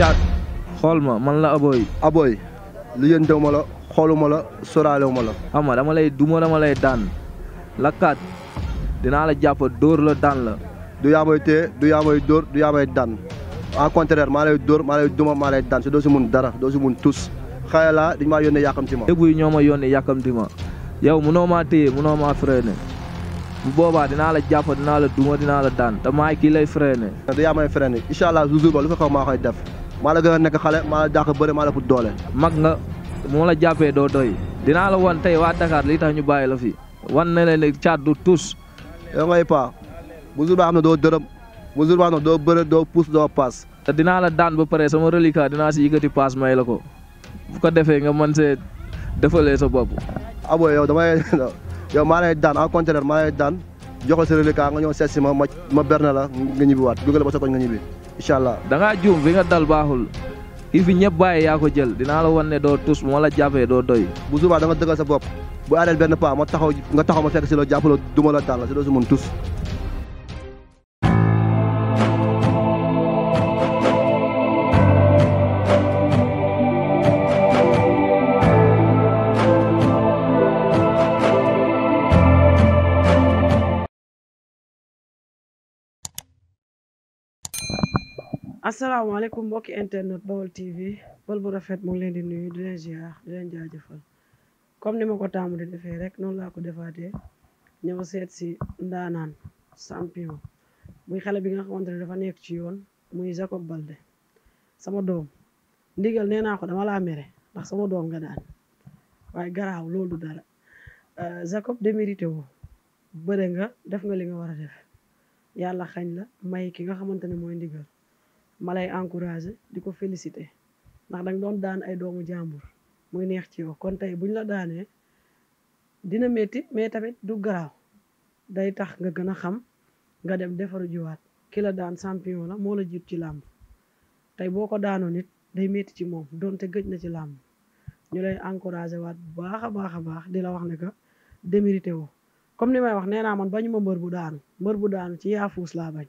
caat xool ma man la aboy aboy liggéeyantewu ma la xooluma la soraalewu ma la xam nga dama lay duma dama lay daan lakkaat dinaa la jàpp dóor la daan la du yaa may téye du yaa may dóor du yaa may daan en maa lay dóor maa lay duma maa lay daan si doo si mun dara doo si mun tus xëy laa dañu maa yónnee yàkkamti ma lébu yi ñoo ma yónnee yàkkamti ma yow munoo maa téye munoo boobaa dinaa la jàpp dinaa la duma dinaa la daan te maay kii lay freiné du yaa may freiné incha allah toujours xaw maa koy maa la gën a nekk xale maa la dàq bëre maa la ëpp doole. mag nga moo la jàppee doo doy dinaa la wan tey waa Dakar li tax ñu bàyyi la fi wan na leen caat du tuus. yow ngay paa bu jour baa xam ne doo dërëm bu jour baa xam doo bëre doo puus doo paas. te dinaa la daan ba pare sama reliquat dinaa si yëkkati paas may la ko bu ko defee nga mën see defalee sa bopp. abo yow damay yow maa lay daan en contraire maa lay daan jox sa reliquat nga ñëw seet si ma ma ma berne la nga ñibbiwaat dugal ba sa koñ nga ñibbi. incha allah da ngaa juum fi nga dal baaxul yi fi ñëpp bàyyi yaa ko jël dinaa la wan ne doo tus moo la jàppee doo doy bu subaa da nga dëggal sa bopp bu aareel benn paa ma taxaw nga taxaw ma fekk si la jàppaloo du ma la daan la si doo mun tus asalaamaaleykum mbokki internet Baol TV bal bu rafet mu ngi leen di nuyu di leen ziar di leen jaajëfal comme ni ma ko taamu di defee rek noonu laa ko defaatee ñëw seet si ndaanaan champion muy xale bi nga xamante ne dafa nekk ci yoon muy Jacob Balde sama doom ndigal nee naa ko dama laa mere ndax sama doom nga daan waaye garaaw loolu dara euh, Jacob démérité woo bëre nga def nga li nga war a def yàlla xañ la may ki nga xamante ne mooy ndigal ma lay encouragé di ko félicité ndax danga doon daan ay doomu jàmbur muy neex ci yow kon tey buñ la daanee dina métti mais tamit du garaaw day tax nga gën a xam nga dem defaru jiwaat ki la daan champion la moo la jiit ci làmb tey boo ko daanoon it day métti ci moom donte gëj na ci làmb ñu lay encouragé waat bu baax a baax a baax di la wax ne que démérité woo comme ni may wax nee naa man bañu ma mbër bu daanu mbër bu daanu ci yaafuus laa bañ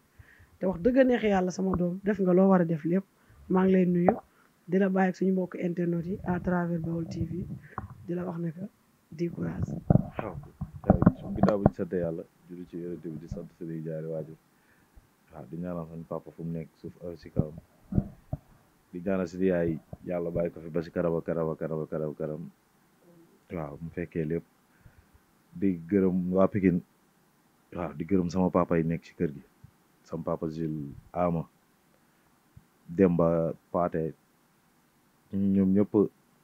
te wax dëgg neex yàlla sama doom def nga loo war a def lépp maa ngi lay nuyu di la bàyyi suñu mbokk internet yi à travers Baol TV di la wax ne que di courage. waaw ginnaaw bi ñu yàlla julli ci yonent di sant suñuy jaari waajur waaw di ñaanal mu nekk suuf si kawam di ñaanal si yaay yàlla bàyyi ko fi ba si kanam ak kanam ak kanam ak kanam kanam waaw mu fekkee lépp di gërëm waa Pikine waaw di gërëm sama papa yi nekk ci kër gi. sama papa Jules Ama Demba Paate ñoom ñëpp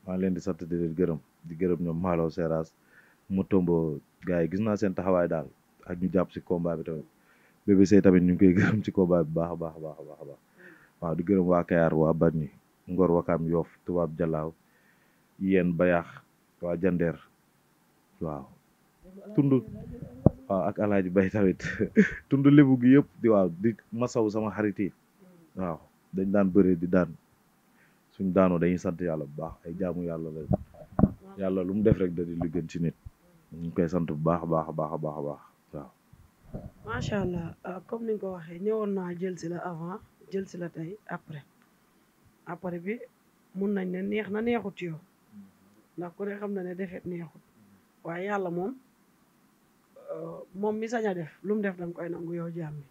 maa leen di sant di leen gërëm di gërëm ñoom Malo Seras mu tombo gars yi gis naa seen taxawaay daal ak ñu jàpp si combat bi tamit BBC tamit ñu ngi koy gërëm ci combat baax a baax a baax a baax waaw di gërëm waa Kayar waa Bargny Ngor Wakaam Yoff Tubaab Jalaaw yéen Bayaax waa Jandeer waaw tund waaw ak alaaji bay tamit tund lébu gi yëpp di waaw di masaw sama xarit yi waaw dañ daan bëree di daan suñ daanoo dañuy sant yàlla bu baax ay jaamu yàlla la yàlla lu mu def rek da di lu gën ci nit ñu ngi koy sant bu baax a baax a baax a baax a baax waaw macha allah ah, comme ni ko waxee ñëwoon naa jël si la avant jël si la tey après après bi mun nañ ne neex na neexut yow ndax ku ne xam na ne defet neexut waaye yàlla moom moom mi saña def lu mu def danga koy nangu yow jaam bi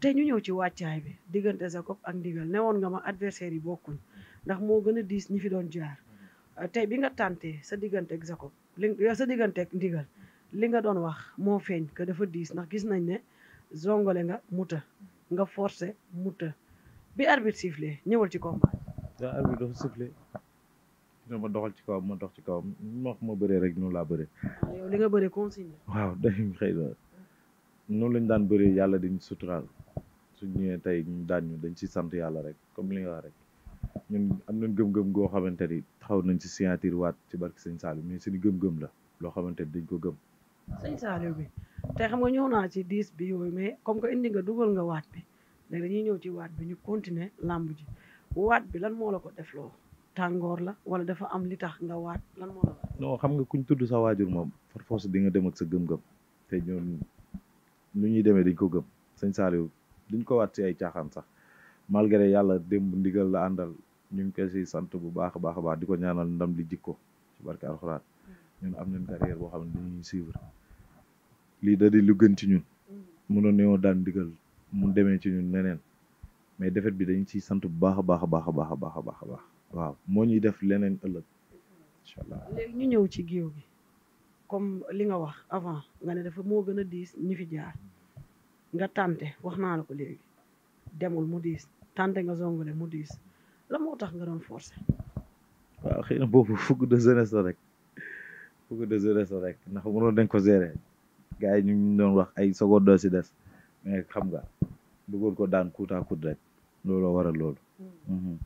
te ñu ñëw ci wàccaay bi diggante Jacob ak ndigal woon nga ma adversaire yi bokkuñ ndax moo gën a diis ñu fi doon jaar tey bi nga tàntee sa diggante ak Jacob li sa diggante ak li nga doon wax moo feeñ que dafa diis ndax gis nañ ne zongole nga muta nga forcé muta bi arbitre ñëwal ci combat daa arbitre dafa ma doxal ci kawam ma dox ci kawam ma wax ma bëree rek noonu laa bëree li nga bëree consigne waaw day xëy noonu lañ daan bëri yàlla di suturaal suñ ñëwee tey ñu daan ñu dañ ci sant yàlla rek comme li nga rek ñun am nañ gëm-gëm goo xamante ni xaw nañ ci signature waat ci barki sëñ Saliou mais suñu gëm-gëm la loo xamante ni dañ ko gëm. sëñ bi tey xam nga ñëw naa ci diis bi yooyu mais comme que indi nga dugal nga waat bi léegi dañuy ñëw ci waat bi ñu continuer làmb ji waat bi lan moo la ko def tàngoor la wala dafa am li tax nga waat lan moo xam nga kuñ tudd sa waajur moom par force di nga dem ak sa gëm-gëm te ñoom nu ñuy demee dañ ko gëm sëñ Saliou duñ ko waat si ay caaxaan sax malgré yàlla démb ndigal la àndal ñu ngi koy si sant bu baax a baax a baax di ko ñaanal ndam li jikko ci barke alxuraan ñun am nañ carrière boo xam ne dañuy suivre lii da di lu gën ci ñun mënoon nañoo daan ndigal mu demee ci ñun neneen mais defet bi dañ ciy sant bu baax a baax a baax a baax a baax a baax waaw moo ñuy def leneen ëllëg incha ñu ñëw ci géew gi comme li nga wax avant nga ne dafa moo gën a diis ñi fi jaar nga tante wax naa la ko léegi demul mu diis tante nga zongale mu diis la moo tax nga doon forcé waaw xëy na boobu fukk de jeunesse la rek fukk de jeunesse la rek ndax mënoon dañ ko gérer gars yi ñu ñu doon wax ay seconde doo si des mais xam nga bëggoon ko daan coup à coup rek looloo waral loolu hmm. mhm.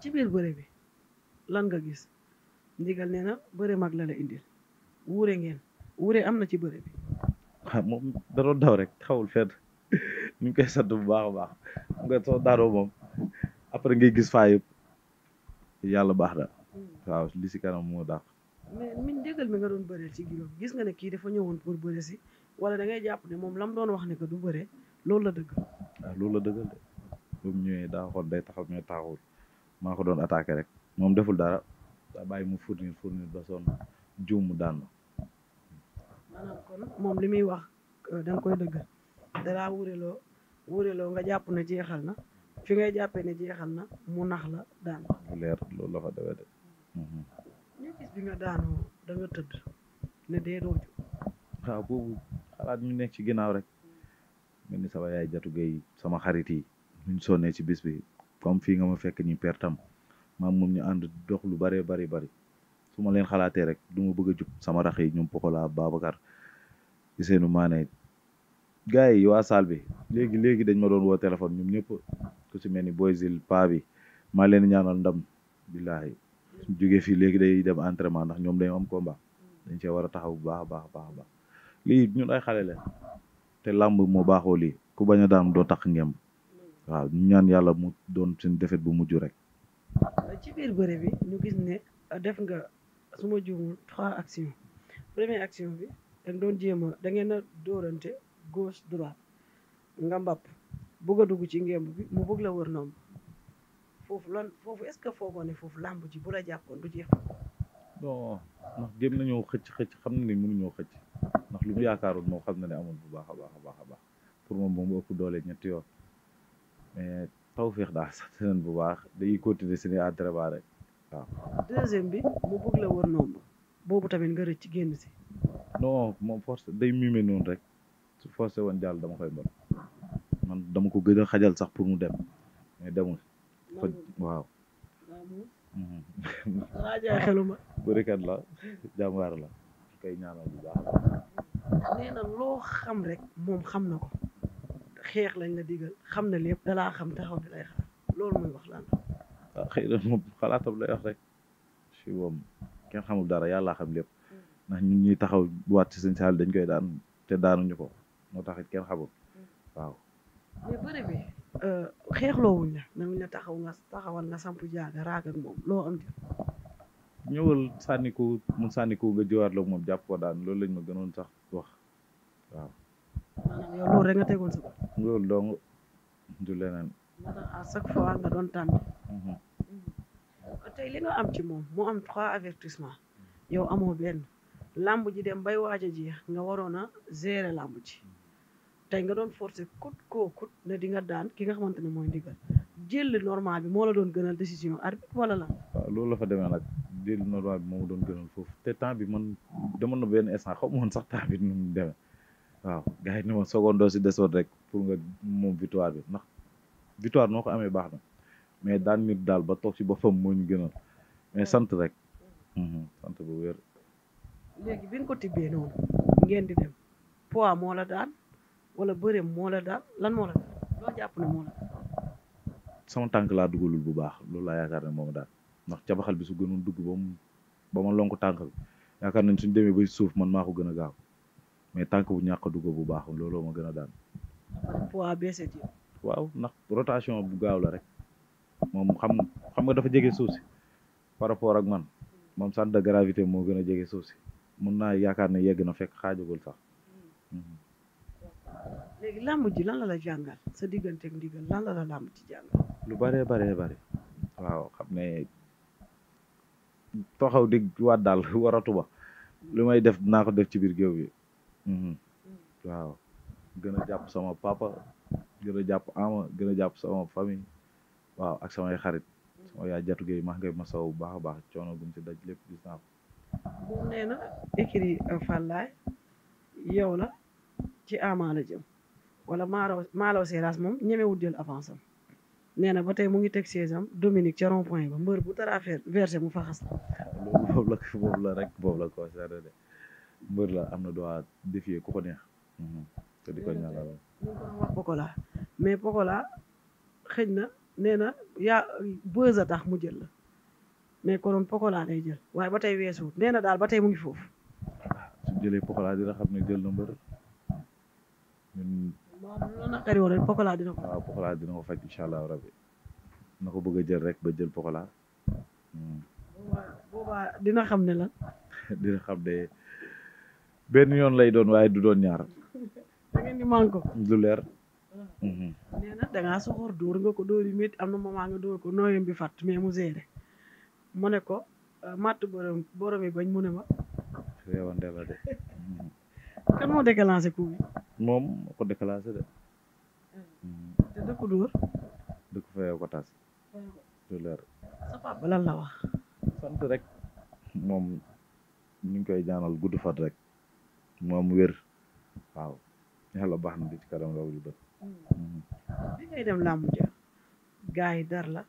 ci biir bëre bi lan nga gis ndigal nee na bëre mag la la wure ngeen wure am na ci bëre bi. waaw ah, moom da daw rek xawul fenn ñu ngi koy sant bu baax a baax xam nga soo daanoo moom après ngay gis faa yàlla baax na hmm. waaw li si kanam moo dàq. mais min nga doon bëree ci gis nga ne kii dafa ñëwoon pour bëre si wala da ngay jàpp ne moom lam doon wax ne que du bëre loolu la dëgg. waaw ah, loolu la dëggal de bu mu ñëwee daa xool day taxawul maa ko doon attaqué rek moom deful dara daa mu fournir fournir ba soon juum daan ma. kon moom li muy wax euh, da nga koy dëggal dalaa wuureloo wuureloo nga jàpp ne jeexal na fi ngay jàppee ne jeexal na mu nax la daan. leer loolu de. ñu mhm. nga daanoo da nga boobu ñu nekk ci ginnaaw rek. mel ni sama yaay jatu gay sama xarit yi ñu sonnee ci bis bi comme fii nga ma fekk ni pertam maam moom ñu ànd dox lu bare bari bari su ma leen xalaatee rek du ma bëgg a jub sama rax yi ñoom Pokola Babacar Ousseynou Mané gars yi waa saal bi léegi léegi dañ ma doon woo téléphone ñoom ñëpp ku si mel ni Boyzil pa bi maa leen ñaanal ndam billahi su jógee fii léegi day dem entre entraînement ndax ñoom dañu am combat dañ cee war a taxaw bu baax baax baax baax lii ñun ay xale te làmb moo baaxoo lii ku bañ a daan doo tax ngem waaw ñaan yàlla mu doon seen defet bu mujj rek. suma ma juumul trois actions première action bi dañ doon jéem a da ngeen a dóorante gauche droite nga mbàpp bëgg a dugg ci ngemb bi mu bëgg la wër noonu foofu lan foofu est-ce que foogoo ne foofu làmb ji bu la jàppoon du jeex. bon ndax jéem nañoo xëcc xëcc xam na ni mënuñoo xëcc ndax lu mu yaakaaroon moom xam na ne amul bu baax a baax a baax a baax pour moom moom ëpp doole ñetti yoon mais taw féex daal sax bu baax dañuy continuer seen i entraînement rek. deuxième bi mu bëgg la wër nomb boobu tamit nga rëcc génn si. non moom force day mimé noonu rek su forcé woon jàll dama koy mbal man dama ko gën a xajal sax pour mu dem mais demul. waaw. waaw mhm. xeluma. bërikat la jàmbaar la kay ñaanal bu baax la. nee na loo xam rek moom xam na ko xeex lañ la digal xam na lépp dalaa xam taxaw bi xaar loolu mooy wax lan la. waaw xëy na moom xalaatam lay wax rek si moom kenn xamul dara yàlla xam lépp ndax ñun taxaw waat ci sëñ Saaliw dañ koy daan te daanuñu ko moo tax it kenn xamul waaw. mais bëri bi euh, xeexloowuñ la nañ taxaw nga taxawal nga samp jaaga raag ak moom loo am. ñëwal sànniku mu sànniku ga jiwaat loog moom jàpp ko daan loolu lañ ma gënoon sax wax waaw. maanaam rek nga tegoon sa bopp. loolu Mm-hmm. tey li nga am ci moom mu am trois avertissement yow amoo benn lamb ji dem bay waaj a jeex nga waroon a gérer làmb ji tey nga doon force kut koo kut ne nga daan ki nga xamante ne mooy ndigal jël normal bi moo la doon gënal décision arbitre wala la loolu la fa demee nag jël normal bi moo doon gënal foofu te temps bi man demoon na benn instant xaw moon sax temps bi nu mu demee waaw gars yi ne ma seconde doo si desoon rek pour nga moom victoire bi ndax victoire noo ko amee baax na mais daan nit daal ba toog si boppam moo ñu gënal mais sant rek mhm, sant bu wér. léegi bi nga ko tibbee noonu ngeen di dem pois moo la daal wala bëreem moo la daan lan moo la daan loo jàpp sama tànk laa dugalul bu baax loolu laa yaakaar ne moom daal ndax cabaxal bi su gënoon dugg ba mu ma lonku tànk bi yaakaar nañ suñ demee ba suuf man maa ko gën a gaaw mais tànk bu ñàkk a dugg bu baax looloo ma gën a daan. poids baissé waaw ndax rotation bu gaaw la rek. moom xam xam nga dafa jege suuf si par rapport ak man moom centre de gravité moo gën a jege suuf si mun naa yaakaar ne yegg na fekk xaajagul sax. Hmm. léegi làmb lan la la jàngal sa diggante ak ndigal lan la la lu bëree bëree bëri waaw xam ne taxaw di waat daal waratu ba lu may def dinaa ko def ci biir géew bi hmm. Hmm. waaw gën a jàpp sama papa gën a jàpp ama gën a jàpp sama famille. waaw ak samay xarit sama yaay jatu géey maa ngi baax a baax coono gum ci daj lépp gis naa ko moom nee na écrit euh, yow la ci Ama la jëm wala maalo maalo Seras moom ñemewul jël avance am nee na ba tey mu ngi teg siège am Dominique ca rond point ba mbër bu taraafee versé mu faxas loolu boobu la boobu la mbër la am na droit défier ku ko neex mhm. te ko wax Pokola mais Pokola xëj na nee na yaa bës tax mu jël la mais konoon Pokola lay jël waaye ba tey weesuwut nee na daal ba tey mu ngi foofu. su jëlee Pokola dina xam ne jël na mbër. ñun. waaw loolu naqari ko. bëgg a jël rek ba jël hmm. dina xam ne la. dina xam ne benn yoon lay doon waaye du doon ñaar. lu leer. nee na dangaa soxor nga ko dóor yu am na moment nga dóor ko nooyam bi fàtt mais mu géré ne ko euh, matt borom borom yi bañ mu ne ma réewande la de kan moo déclenché moom moo ko déclenché de te da ko dóor sant rek moom ñu ngi koy ñaanal gudd fat rek moom wér waaw yàlla baax na di ci kanam raw Mm. bi ngay dem làmb ja gars yi dar la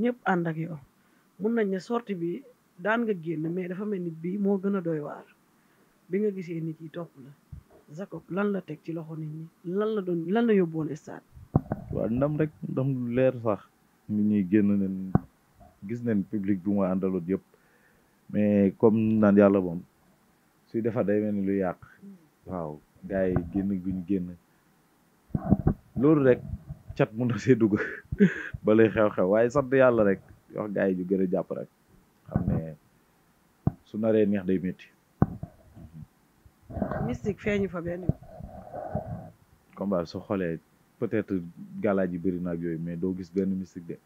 ñëpp ànd ak mun nañ ne sortie bi daan nga génn mais dafa mel ni bii moo gën a doy waar bi nga gisee nit yi topp la Jacob lan la teg ci loxo nit ñi lan la doon lan la yóbboon stade ndam rek ndam leer sax nit ñuy génn nañ gis nañ public bu ma àndaloon yëpp mais comme naan yàlla moom suy defa day mel ni lu yàq mm. waaw gars génn guñ génn loolu rek cat mun na see dugg ba lay xew-xew waaye sant yàlla rek wax gaa yi ñu gën jàpp rek xam ne su naree neex day metti mystique feeñu fa benn combat su xoolee peut-être galaaj yi bari na ak yooyu mais doo gis benn mystique de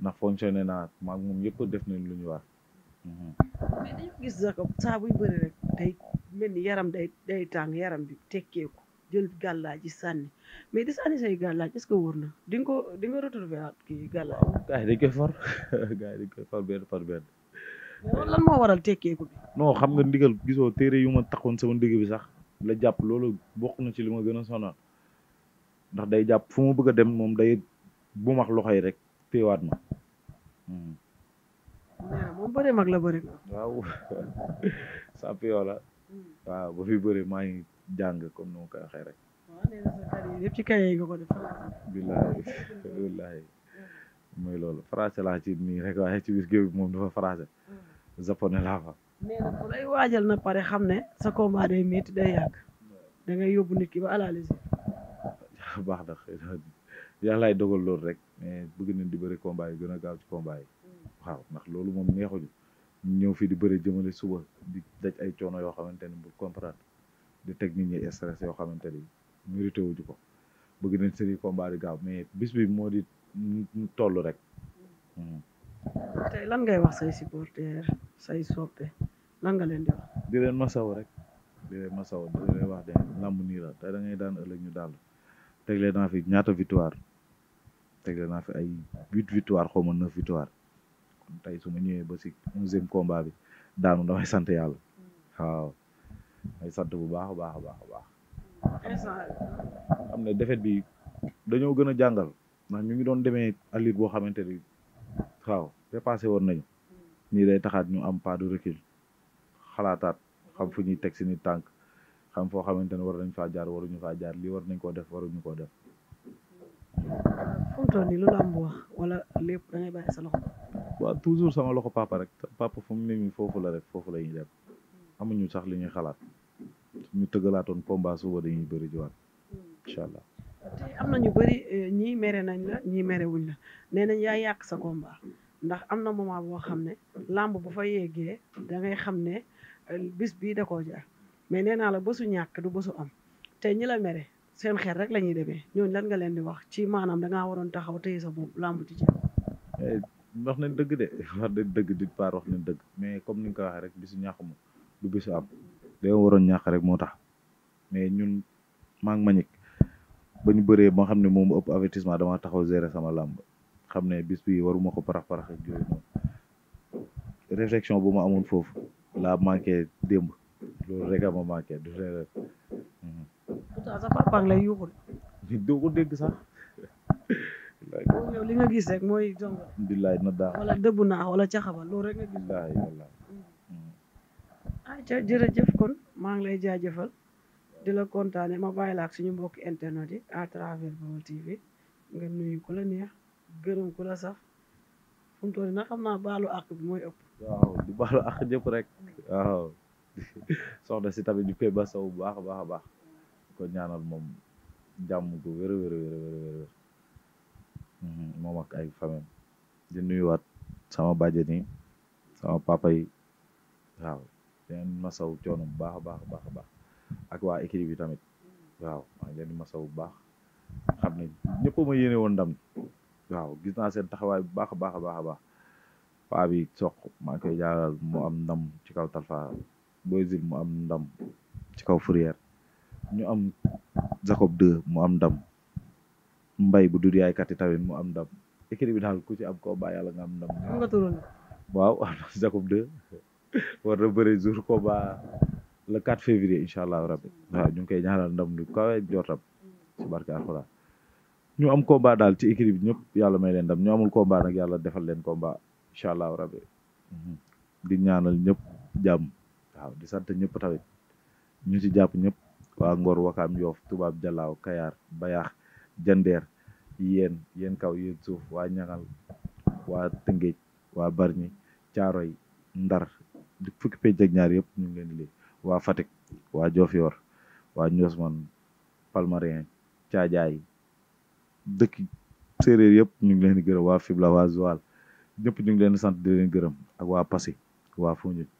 ndax fonctionné naa maag moom yëpp def nañ lu ñu war. Mhm. mais day mel yaram day day yaram bi tekkeeku jël gàllaaj yi sànni mais di sànni say ce que wóor na di nga ko di nga retrouver at kii gàllaaj. gars yi dañ koy xam nga ndigal gisoo téere yu ma taxoon sama ndigg bi sax la jàpp loolu bokk na ci li ma gën a sonal ndax day jàpp fu ma bëgg a dem moom day bu max loxo yi rek téewaat ma. Hmm. moom bëree mag la bëri. waaw hmm. ba fi bëree maa jàng comme nu ma ko waxee rek. yëpp ci billahi billahi mooy loolu français laa ci nii rek waaye ci biir géew bi moom dafa français japonais laa fa. mais nag ku lay waajal na pare xam ne sa combat day métti day yàgg da ngay yóbbu nit ki ba analyse. baax na xëy na yàllaay dogal loolu rek mais bëgg nañ di bëri combat yi gën a gaaw ci combat yi. waaw ndax loolu moom neexuñu ñëw fii di bëri jëmale suba di daj ay coono yoo xamante ne bu comprendre. di teg nit ñi stress yoo xamante ni mérité wuñu ko bëgg nañ seen combat di gaaw mais bis bi moo di toll rek. Hmm. tey lan ngay wax say supporter say soppe lan nga leen di wax. di leen masaw rek di leen masaw di leen wax de làmb nii la tey da ngay daan ëllëg ñu daal tegle naa fi ñaata victoire tegle naa fi ay huit victoire xaw ma neuf victoire kon tey su ma ñëwee ba si onzième combat bi daanu damay sant yàlla hmm. waaw. may sant bu baax a baax a baax a baax. am na defet bi dañoo gën a jàngal ndax ñu ngi doon demee alir boo xamante ni waaw dépassé woon nañu. nii day taxaat ñu am pas de recul xalaataat xam fu ñuy teg suñu tànk xam foo xamante ne war nañ faa jaar waruñu faa jaar lii war nañ koo def waruñu koo def. fu mu toll nii lu lépp da waaw toujours sama loxo papa rek papa fu mu ne la rek foofu la def amuñu sax li ñuy xalaat. ñu tëggalaatoon combat suba dañuy bëri jiwaat incha allah. am na ñu bëri eh, ñii mere nañ la ñii merewuñ la nee nañ yaa yàq sa komba ndax am na moment boo xam ne làmb bu fa yeggee da xam ne eh, bis bii da koo jaar mais nee naa la bésu ñàkk du bésu am tey ñi mere seen xel rek la ñuy demee ñooñ lan nga leen di wax ci maanaam da ngaa waroon taxaw tey sa bopp làmb ci ci eh, wax nañ dëgg de wax nañ dëgg dit part wax nañ dëgg mais comme ni nga ko waxee rek bisu ñàkk moom du bisu am dañoo waroon ñàkk rek moo tax mais ñun maa ngi ma ñëkk ba ñu bëree ba xam ne moom ëpp avertissement dama taxaw gérer sama làmb xam ne bis bi waruma ko parax parax ak yooyu bu ma amoon foofu laa manqué démb loolu rek a ma manqué du rek. Hmm. pourtant sa papa sax. yow li nga gis rek mooy jong. na daa wala dëbb naa wala caxabal loolu rek nga gis. aca ah, jërëjëf kon maa ngi lay jaajëfal di la kontaane ma bàyyi la suñu mbokki internet yi à travers Baol TV nga nuyu ku la neex gërëm ku sax saf fu mu nag xam naa baalo àq bi mooy ëpp waaw di baalu àq ñëpp rek waaw soxna si tamit ñu koy basaw bu baax a baax a baax ko ñaanal moom jàmm gu wér wér wér mhm, moom ak ay famille di nuyuwaat sama bàjjen yi sama papa yi waaw leen masaw coono bu baax a baax a baax a baax ak waa équipe bi tamit waaw maa ngi leen di masaw bu baax xam ne ñëpp ma yéene woon ndam waaw gis naa seen taxawaay bu baax a baax a baax a baax paa soq maa ngi koy jaaral mu am ndam ci kaw Talfa Boy Zil mu am ndam ci kaw Fourière ñu am Jacob 2 mu am ndam mbay bu dul yaay kati tamit mu am ndam équipe bi daal ku ci am ko bàyyi a nga am ndam. waaw Jacob 2. war na bëri ko combat le 4 février incha allahu rabbi waaw ñu ngi koy ñaanal ndam lu kawe jootam ci barke alxuraan ñu am combat daal ci équipe bi ñëpp yàlla may leen ndam ñu amul combat nag yàlla defal leen ba incha allahu rabbi mhm. di ñaanal ñëpp jàmm waaw di sant ñëpp tamit ñu si jàpp ñëpp wa Ngor Wakaam Yoof Tubaab Jalaaw Kayaar Bayaax Jandeer yéen yéen kaw yéen suuf waa ñaŋal waa Tëngéej waa Barñi Caaroy Ndar fukki pej ak ñaar yëpp ñu ngi leen di lii waa Fatick waa Diofior waa Ndiosmone Palmarin Caajaay dëkk séeréer yëpp ñu ngi leen di gërëm waa Fibla waa Joal ñëpp ñu ngi leen di sant di leen gërëm ak waa Passy waa Foundiougne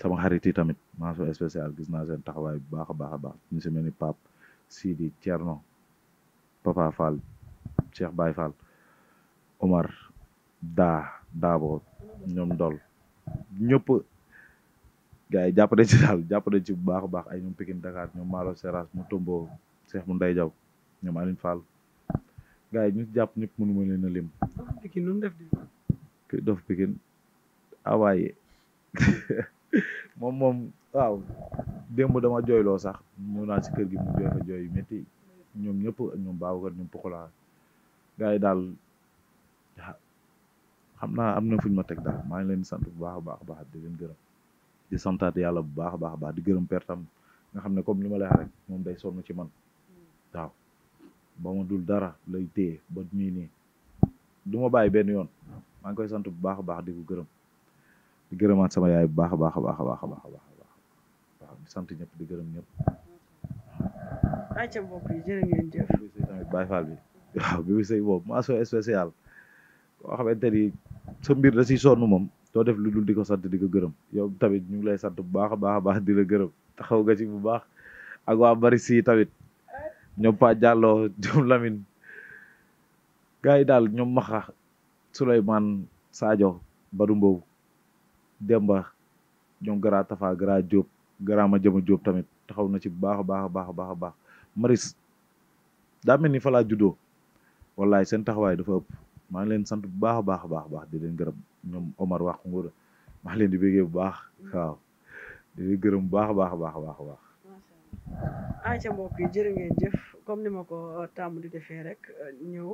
sama xarit yi tamit mention spéciale gis naa seen taxawaay bu baax a baax a baax ñu si mel ni Pape Sidi Thierno Papa Fall Cheikh Baye Fall Omar Daa Daabo ñoom Ndol ñëpp. gars yi jàpp nañ daal jàpp nañ ci bu baax a baax ay ñoom Pikine Dakar ñoom Malo Seras mu Tombo Cheikh mu Ndeye Diaw ñoom Aline Fall gars yi jàpp ñëpp mënu ma leen a lim. dof Pikine nu def ah jooyloo sax ñëw naa si kër gi mu jooy fa jooy yu métti ñoom ñëpp ñoom Babacar ñoom Pokola yi daal ah, xam naa am na fu ñu ma teg daal maa ngi leen sant bu baax a baax di santaat yàlla bu baax a baax di gërëm père tam nga xam ne comme li ma lay rek moom day sonn ci man mm. waaw ba ma dul dara lay téye ba ñuy nii du benn yoon maa ngi koy sant bu baax a baax di ko gërëm di gërëmaat sama yaay bu baax a baax a baax a baax a baax waaw di sant ñëpp di bi waaw bi maa soo spécial koo xamante ni sa mbir da siy sonn moom. doo def lu dul di ko sant di ko gërëm yow tamit ñu ngi lay sant bu baax a baax a gërëm di la gërëm nga ci bu baax ak waa bari si tamit ñoom Pa Diallo ñoom Lamine yi daal ñoom Maxa Souleymane saajo Badou Mbow Demba ñoom Gara Tafa Gara Diop Gara Madiama Diop tamit taxaw na ci bu baax a baax a baax a baax a baax Maris daa mel ni fa laa juddoo wallaay seen taxawaay dafa ëpp maa ngi leen sant bu baax a baax a baax di leen gërëm. ñoom mar wax Ngouda maa leen di bëggee bu baax waaw di gërëm bu baax a baax a baax a baax. ayca mbokk yi jërë ngeen jëf comme ni ma ko euh, tàmm di defee rek euh, ñëw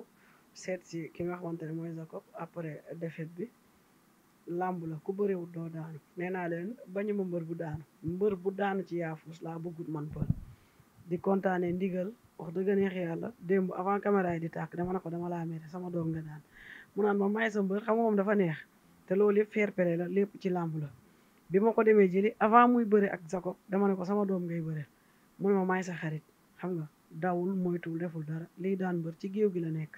seet si ki nga xamante ne mooy Jacob après défaite bi làmb la ku bëriwul doo daanu nee naa leen bañu ma mbër bu daanu mbër bu daanu ci yaafus laa bëggut man pël di kontaanee ndigal wax dëgg neex yàlla demb avant caméra yi di tàkk dama ne ko dama laa mere sama doom nga daan mu naan ma may sa mbër xam te loolu yëpp fair play la lépp ci làmb la bi ma ko demee jëli avant muy bëre ak Jacob dama ne ko sama doom ngay bëre mun ma maay sa xarit xam nga dawul moytuwul deful dara lii daan bër ci géew gi la nekk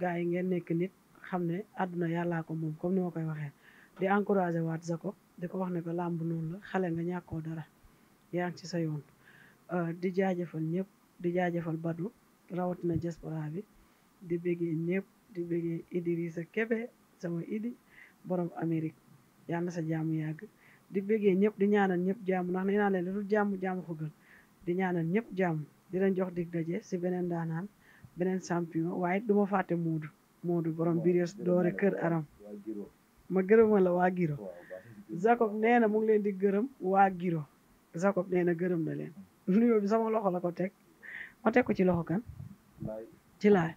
gars yi ngeen nekk nit xam ne àdduna yàllaa ko moom comme ni ma koy waxee di encouragé waat Jacob di ko wax ne ko làmb noonu la xale nga ñàkkoo dara yaa ngi ci sa yoon euh, di jaajëfal ñëpp di jaajëfal Badou rawatina diaspora bi di bëggee ñëpp di bëggee Idrissa Kébé sama Idi borom Amérique yàlla na sa jaamu yàgg di bëggee ñëpp di ñaanal ñëpp jaamu ndax nee naa leen lu jaamu jaamu ko di ñaanal ñëpp jaamu di leen jox dig daje si beneen daanaan beneen sampion waaye du ma fàtte Moodu Moodu borom Birios doore Kër Aram ma gërëma la waa Giro Jacob nee na mu ngi leen di gërëm waa Giro Jacob nee gërëm na leen nuyoo bi sama loxo la ko teg ma teg ko ci loxo kan ci laay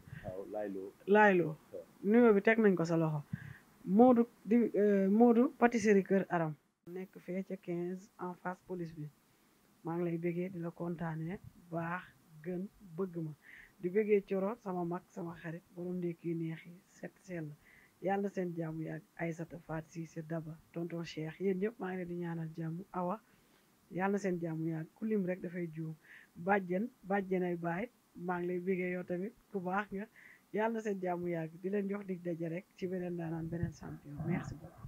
laayloo nuyoo bi teg nañ ko sa loxo Modou di euh, Modou pâtisserie Kër Aram nekk fee ca 15 en face police bi maa ngi lay bëggee di la kontaanee baax gën bëgg ma di bëggee coro sama mag sama xarit borom ndékki neex yi set sell yàlla seen jàmm yaag Aysata Faat Siise Daba tonton Cheikh yéen ñëpp maa ngi di ñaanal jàmm awa yàlla seen jàmm yaag ku lim rek dafay juum bàjjen bàjjenay baay maa ngi lay bëggee yow tamit ku baax nga yàlla na seen jàmm yàgg di leen jox dig daje rek ci beneen daanaan beneen champion merci beaucoup